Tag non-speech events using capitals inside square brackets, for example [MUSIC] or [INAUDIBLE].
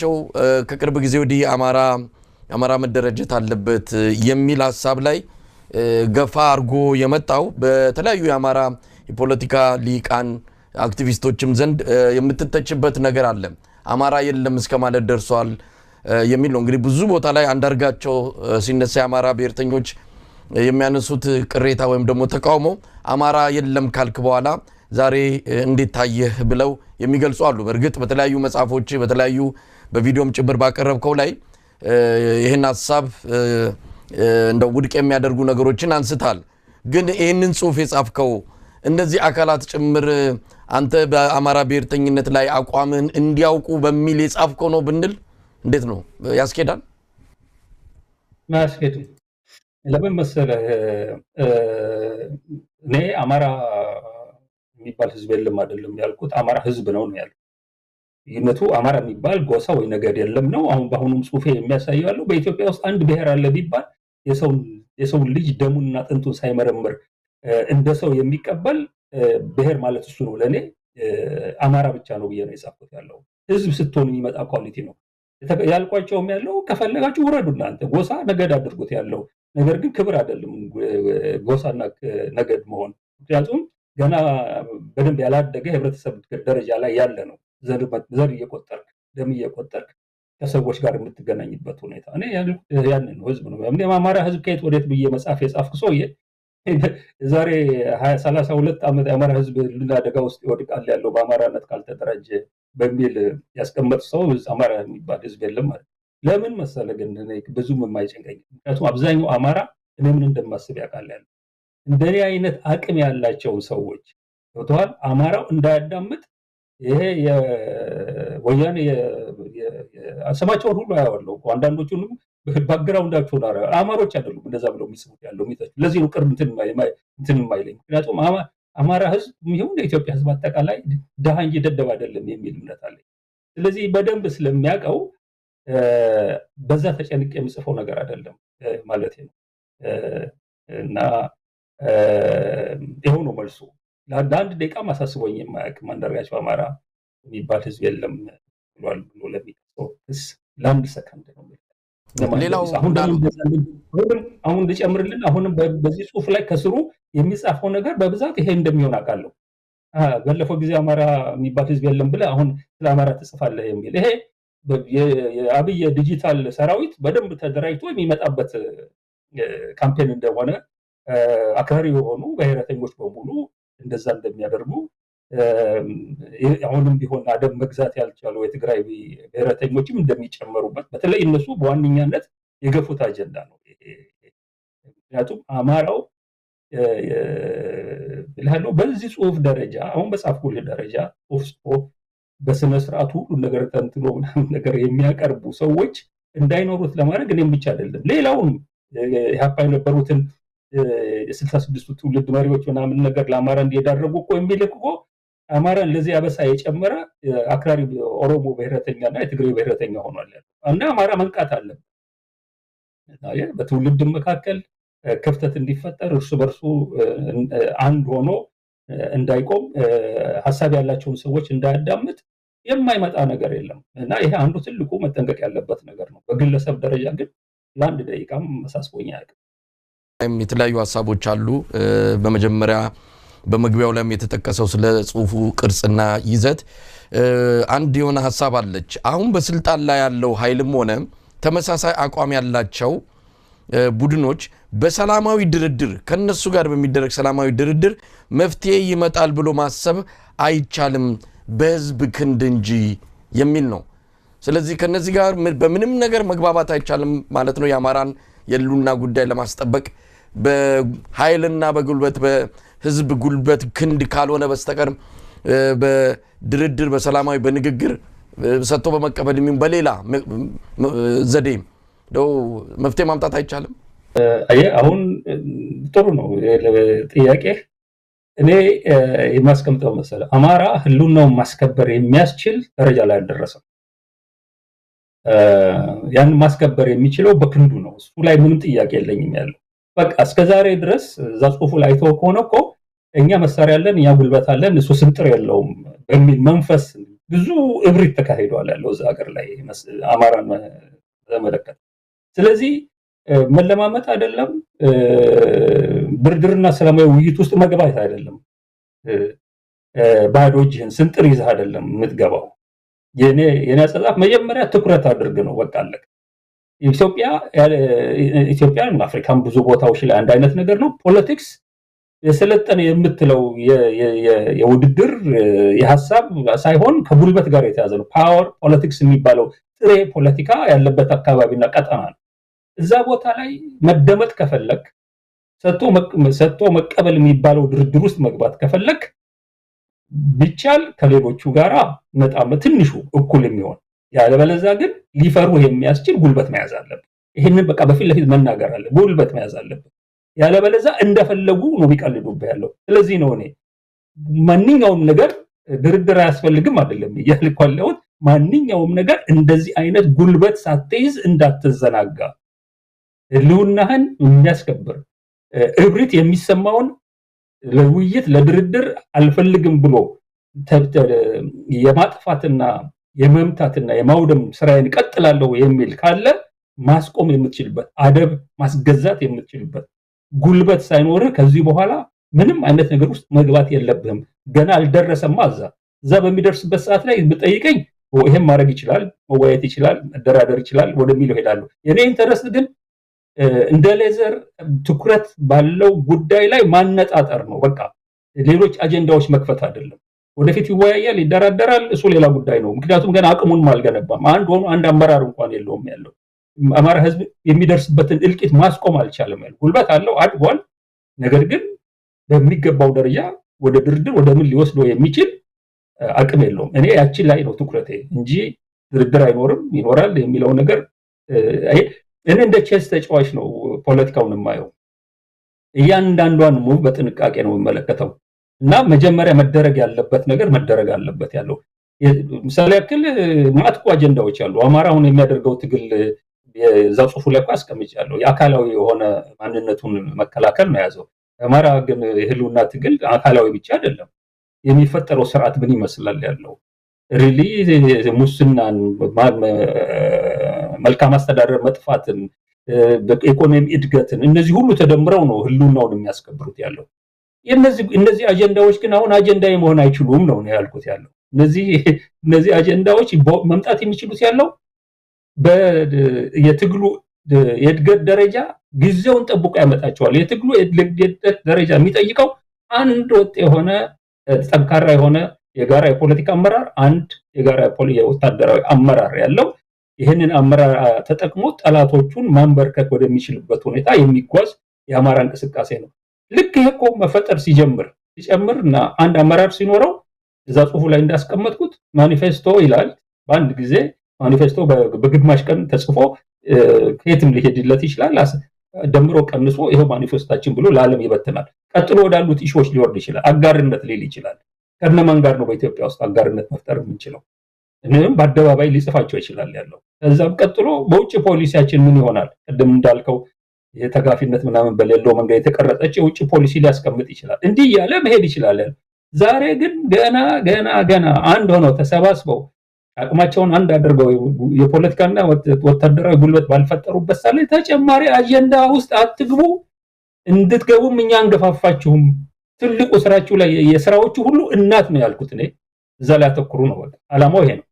ቸው ከቅርብ ጊዜ ወዲህ አማራ አማራ መደራጀት አለበት የሚል ሀሳብ ላይ ገፋ አድርጎ የመጣው በተለያዩ የአማራ የፖለቲካ ሊቃን አክቲቪስቶችም ዘንድ የምትተችበት ነገር አለ። አማራ የለም እስከ ማለት ደርሷል የሚል ነው። እንግዲህ ብዙ ቦታ ላይ አንዳርጋቸው ሲነሳ የአማራ ብሔርተኞች የሚያነሱት ቅሬታ ወይም ደግሞ ተቃውሞ አማራ የለም ካልክ በኋላ ዛሬ እንዴት ታየህ ብለው የሚገልጹ አሉ። በእርግጥ በተለያዩ መጽሐፎች በተለያዩ በቪዲዮም ጭምር ባቀረብከው ላይ ይህን ሀሳብ እንደ ውድቅ የሚያደርጉ ነገሮችን አንስታል። ግን ይህንን ጽሁፍ የጻፍከው እነዚህ አካላት ጭምር አንተ በአማራ ብሔርተኝነት ላይ አቋምን እንዲያውቁ በሚል የጻፍከው ነው ብንል እንዴት ነው ያስኬዳል? ማያስኬድም። ለምን መሰለህ? እኔ አማራ የሚባል ህዝብ የለም አይደለም ያልኩት፣ አማራ ህዝብ ነው ነው ይህነቱ አማራ የሚባል ጎሳ ወይ ነገድ የለም ነው። አሁን በአሁኑም ጽሁፌ የሚያሳየው ያለው በኢትዮጵያ ውስጥ አንድ ብሔር አለ ቢባል የሰውን ልጅ ደሙንና ጥንቱን ሳይመረምር እንደ ሰው የሚቀበል ብሔር ማለት እሱ ነው። ለእኔ አማራ ብቻ ነው ብዬ ነው የጻፍኩት። ያለው ህዝብ ስትሆን የሚመጣ ኳሊቲ ነው ያልቋቸውም ያለው ከፈለጋችሁ ውረዱ እናንተ ጎሳ ነገድ አድርጎት ያለው ነገር ግን ክብር አይደለም ጎሳና ነገድ መሆን ምክንያቱም ገና በደንብ ያላደገ የህብረተሰብ ደረጃ ላይ ያለ ነው። ዘር እየቆጠርክ ደም እየቆጠርክ ከሰዎች ጋር የምትገናኝበት ሁኔታ እኔ ነው ህዝብ ነው የአማራ ህዝብ ከየት ወዴት ብዬ መጽሐፍ የጻፍክ ሰውዬ [LAUGHS] ዛሬ ሰላሳ ሁለት ዓመት የአማራ ህዝብ ልና አደጋ ውስጥ ይወድቃል ያለው በአማራነት ካልተደራጀ በሚል ያስቀመጥ ሰው አማራ የሚባል ህዝብ የለም ማለት ለምን መሰለ ግን ብዙም የማይጨንቀኝ ምክንያቱም አብዛኛው አማራ እኔ ምን እንደማስብ ያውቃል ያለ እንደኔ አይነት አቅም ያላቸውን ሰዎች ገብተዋል አማራው እንዳያዳምጥ ይሄ ወያኔ ስማቸውን ሁሉ አያዋለው። አንዳንዶቹንም ባግራውንዳቸውን አ አማሮች አይደሉም እንደዛ ብለው የሚስቡት ያለው የሚጠ ለዚህ ነው ቅርብ እንትን የማይለኝ ምክንያቱም አማራ ህዝብ ይሁን የኢትዮጵያ ህዝብ አጠቃላይ ድሃ እንጂ ደደብ አይደለም የሚል እምነት አለኝ። ስለዚህ በደንብ ስለሚያውቀው በዛ ተጨንቅ የምጽፈው ነገር አይደለም ማለት ነው እና ይኸው ነው መልሱ። ለአንድ ደቂቃ ማሳስቦኝ የማያውቅ አንዳርጋቸው አማራ የሚባል ህዝብ የለም ብሏል ብሎ ለሚቀሰው ክስ ለአንድ ሰከንድ ነው። አሁን ልጨምርልን። አሁንም በዚህ ጽሁፍ ላይ ከስሩ የሚጻፈው ነገር በብዛት ይሄ እንደሚሆን አውቃለሁ። ባለፈው ጊዜ አማራ የሚባል ህዝብ የለም ብለህ አሁን ስለ አማራ ትጽፋለህ የሚል ይሄ የአብይ የዲጂታል ሰራዊት በደንብ ተደራጅቶ የሚመጣበት ካምፔን እንደሆነ አክራሪ የሆኑ ብሔረተኞች በሙሉ እንደዛ እንደሚያደርጉ አሁንም ቢሆን አደብ መግዛት ያልቻሉ የትግራይ ብሔረተኞችም እንደሚጨመሩበት በተለይ እነሱ በዋነኛነት የገፉት አጀንዳ ነው። ምክንያቱም አማራው ብልሃለው በዚህ ጽሁፍ ደረጃ አሁን በጻፍኩልህ ደረጃ ጽሁፍ ጽሁፍ በስነ ስርዓቱ ሁሉ ነገር ተንትኖ ምናምን ነገር የሚያቀርቡ ሰዎች እንዳይኖሩት ለማድረግ እኔ ብቻ አይደለም ሌላውን ኢህአፓ የነበሩትን የስልሳ ስድስቱ ትውልድ መሪዎች ምናምን ነገር ለአማራ እንዲዳረጉ እኮ የሚል እኮ አማራን ለዚህ አበሳ የጨመረ አክራሪ ኦሮሞ ብሔረተኛ እና የትግሬ ብሔረተኛ ሆኗል እና አማራ መንቃት አለበት። በትውልድ መካከል ክፍተት እንዲፈጠር እርሱ በርሱ አንድ ሆኖ እንዳይቆም ሀሳብ ያላቸውን ሰዎች እንዳያዳምጥ የማይመጣ ነገር የለም እና ይሄ አንዱ ትልቁ መጠንቀቅ ያለበት ነገር ነው። በግለሰብ ደረጃ ግን ለአንድ ደቂቃም መሳስቦኛ ያቅ የተለያዩ ሀሳቦች አሉ። በመጀመሪያ በመግቢያው ላይም የተጠቀሰው ስለ ጽሁፉ ቅርጽና ይዘት አንድ የሆነ ሀሳብ አለች። አሁን በስልጣን ላይ ያለው ኃይልም ሆነ ተመሳሳይ አቋም ያላቸው ቡድኖች በሰላማዊ ድርድር ከነሱ ጋር በሚደረግ ሰላማዊ ድርድር መፍትሄ ይመጣል ብሎ ማሰብ አይቻልም በህዝብ ክንድ እንጂ የሚል ነው። ስለዚህ ከነዚህ ጋር በምንም ነገር መግባባት አይቻልም ማለት ነው የአማራን የሉና ጉዳይ ለማስጠበቅ በኃይልና በጉልበት በህዝብ ጉልበት ክንድ ካልሆነ በስተቀር በድርድር በሰላማዊ በንግግር ሰጥቶ በመቀበል የሚሆን በሌላ ዘዴ መፍትሄ ማምጣት አይቻልም። አሁን ጥሩ ነው ጥያቄ። እኔ የማስቀምጠው መሰለ አማራ ህልውናውን ማስከበር የሚያስችል ደረጃ ላይ አልደረሰም። ያንን ማስከበር የሚችለው በክንዱ ነው። እሱ ላይ ምንም ጥያቄ የለኝም ያለው በቃ እስከ ዛሬ ድረስ እዛ ጽሁፉ ላይ አይተው ከሆነ እኮ እኛ መሳሪያ አለን፣ እኛ ጉልበት አለን፣ እሱ ስንጥር የለውም በሚል መንፈስ ብዙ እብሪት ተካሂደዋል ያለው እዛ ሀገር ላይ አማራን በተመለከተ። ስለዚህ መለማመጥ አይደለም፣ ድርድርና ሰላማዊ ውይይት ውስጥ መግባት አይደለም፣ ባዶ እጅህን ስንጥር ይዘህ አይደለም የምትገባው። የኔ አጸጻፍ መጀመሪያ ትኩረት አድርግ ነው። በቃ አለቀ። ኢትዮጵያን አፍሪካን ብዙ ቦታዎች ላይ አንድ አይነት ነገር ነው። ፖለቲክስ የሰለጠነ የምትለው የውድድር የሀሳብ ሳይሆን ከጉልበት ጋር የተያዘ ነው። ፓወር ፖለቲክስ የሚባለው ጥሬ ፖለቲካ ያለበት አካባቢና ቀጠና ነው። እዛ ቦታ ላይ መደመጥ ከፈለክ፣ ሰጥቶ መቀበል የሚባለው ድርድር ውስጥ መግባት ከፈለክ ቢቻል ከሌሎቹ ጋራ መጣም ትንሹ እኩል የሚሆን ያለበለዚያ ግን ሊፈሩ የሚያስችል ጉልበት መያዝ አለብን። ይህንን በቃ በፊት ለፊት መናገር አለ ጉልበት መያዝ አለብን። ያለበለዚያ እንደፈለጉ ነው የሚቀልዱብህ ያለው። ስለዚህ ነው እኔ ማንኛውም ነገር ድርድር አያስፈልግም አይደለም እያልኩ ያለሁት። ማንኛውም ነገር እንደዚህ አይነት ጉልበት ሳትይዝ እንዳትዘናጋ፣ ህልውናህን የሚያስከብር እብሪት የሚሰማውን ለውይይት ለድርድር አልፈልግም ብሎ የማጥፋትና የመምታትና የማውደም ስራዬን ቀጥላለሁ የሚል ካለ ማስቆም የምትችልበት አደብ ማስገዛት የምትችልበት ጉልበት ሳይኖርህ ከዚህ በኋላ ምንም አይነት ነገር ውስጥ መግባት የለብህም። ገና አልደረሰማ እዛ እዛ በሚደርስበት ሰዓት ላይ ብጠይቀኝ ይሄም ማድረግ ይችላል፣ መወያየት ይችላል፣ መደራደር ይችላል ወደሚለው ይሄዳሉ። የኔ ኢንተረስት ግን እንደ ሌዘር ትኩረት ባለው ጉዳይ ላይ ማነጣጠር ነው። በቃ ሌሎች አጀንዳዎች መክፈት አይደለም። ወደፊት ይወያያል፣ ይደራደራል። እሱ ሌላ ጉዳይ ነው። ምክንያቱም ገና አቅሙንም አልገነባም። አንድ ሆኖ አንድ አመራር እንኳን የለውም ያለው አማራ ህዝብ የሚደርስበትን እልቂት ማስቆም አልቻለም። ያለ ጉልበት አለው አድጓል። ነገር ግን በሚገባው ደረጃ ወደ ድርድር ወደ ምን ሊወስደው የሚችል አቅም የለውም። እኔ ያችን ላይ ነው ትኩረቴ እንጂ ድርድር አይኖርም ይኖራል የሚለው ነገር እኔ እንደ ቼስ ተጫዋች ነው ፖለቲካውን የማየው። እያንዳንዷን ሙቭ በጥንቃቄ ነው የመለከተው። እና መጀመሪያ መደረግ ያለበት ነገር መደረግ አለበት ያለው ምሳሌ ያክል ማጥቁ አጀንዳዎች አሉ። አማራ አሁን የሚያደርገው ትግል የዛ ጽሑፉ ላይ እኮ አስቀምጫለሁ። የአካላዊ የሆነ ማንነቱን መከላከል ነው የያዘው። አማራ ግን የህልውና ትግል አካላዊ ብቻ አይደለም። የሚፈጠረው ስርዓት ምን ይመስላል ያለው ሪሊ ሙስናን፣ መልካም አስተዳደር መጥፋትን፣ ኢኮኖሚ እድገትን እነዚህ ሁሉ ተደምረው ነው ህልውናውን የሚያስከብሩት ያለው እነዚህ አጀንዳዎች ግን አሁን አጀንዳ መሆን አይችሉም ነው ያልኩት ያለው። እነዚህ [LAUGHS] አጀንዳዎች መምጣት የሚችሉት ያለው የትግሉ የእድገት ደረጃ ጊዜውን ጠብቆ ያመጣቸዋል። የትግሉ የእድገት ደረጃ የሚጠይቀው አንድ ወጥ የሆነ ጠንካራ የሆነ የጋራ የፖለቲካ አመራር፣ አንድ የጋራ የወታደራዊ አመራር ያለው ይህንን አመራር ተጠቅሞ ጠላቶቹን ማንበርከክ ወደሚችልበት ሁኔታ የሚጓዝ የአማራ እንቅስቃሴ ነው። ልክ ይህ እኮ መፈጠር ሲጀምር ሲጨምር እና አንድ አመራር ሲኖረው እዛ ጽሁፉ ላይ እንዳስቀመጥኩት ማኒፌስቶ ይላል። በአንድ ጊዜ ማኒፌስቶ በግማሽ ቀን ተጽፎ ከየትም ሊሄድለት ይችላል። ደምሮ ቀንሶ ይኸው ማኒፌስቶችን ብሎ ለዓለም ይበትናል። ቀጥሎ ወዳሉት ኢሾዎች ሊወርድ ይችላል። አጋርነት ሊል ይችላል። ከነማን ጋር ነው በኢትዮጵያ ውስጥ አጋርነት መፍጠር የምንችለው? እም በአደባባይ ሊጽፋቸው ይችላል ያለው። ከዛም ቀጥሎ በውጭ ፖሊሲያችን ምን ይሆናል? ቅድም እንዳልከው የተጋፊነት ምናምን በሌለው መንገድ የተቀረጸች የውጭ ፖሊሲ ሊያስቀምጥ ይችላል። እንዲህ እያለ መሄድ ይችላለን። ዛሬ ግን ገና ገና ገና አንድ ሆነው ተሰባስበው አቅማቸውን አንድ አድርገው የፖለቲካና ወታደራዊ ጉልበት ባልፈጠሩበት ሳለ ተጨማሪ አጀንዳ ውስጥ አትግቡ፣ እንድትገቡም እኛ አንገፋፋችሁም። ትልቁ ስራችሁ ላይ የስራዎቹ ሁሉ እናት ነው ያልኩት እኔ እዛ ላይ አተኩሩ ነው። በቃ አላማው ይሄ ነው።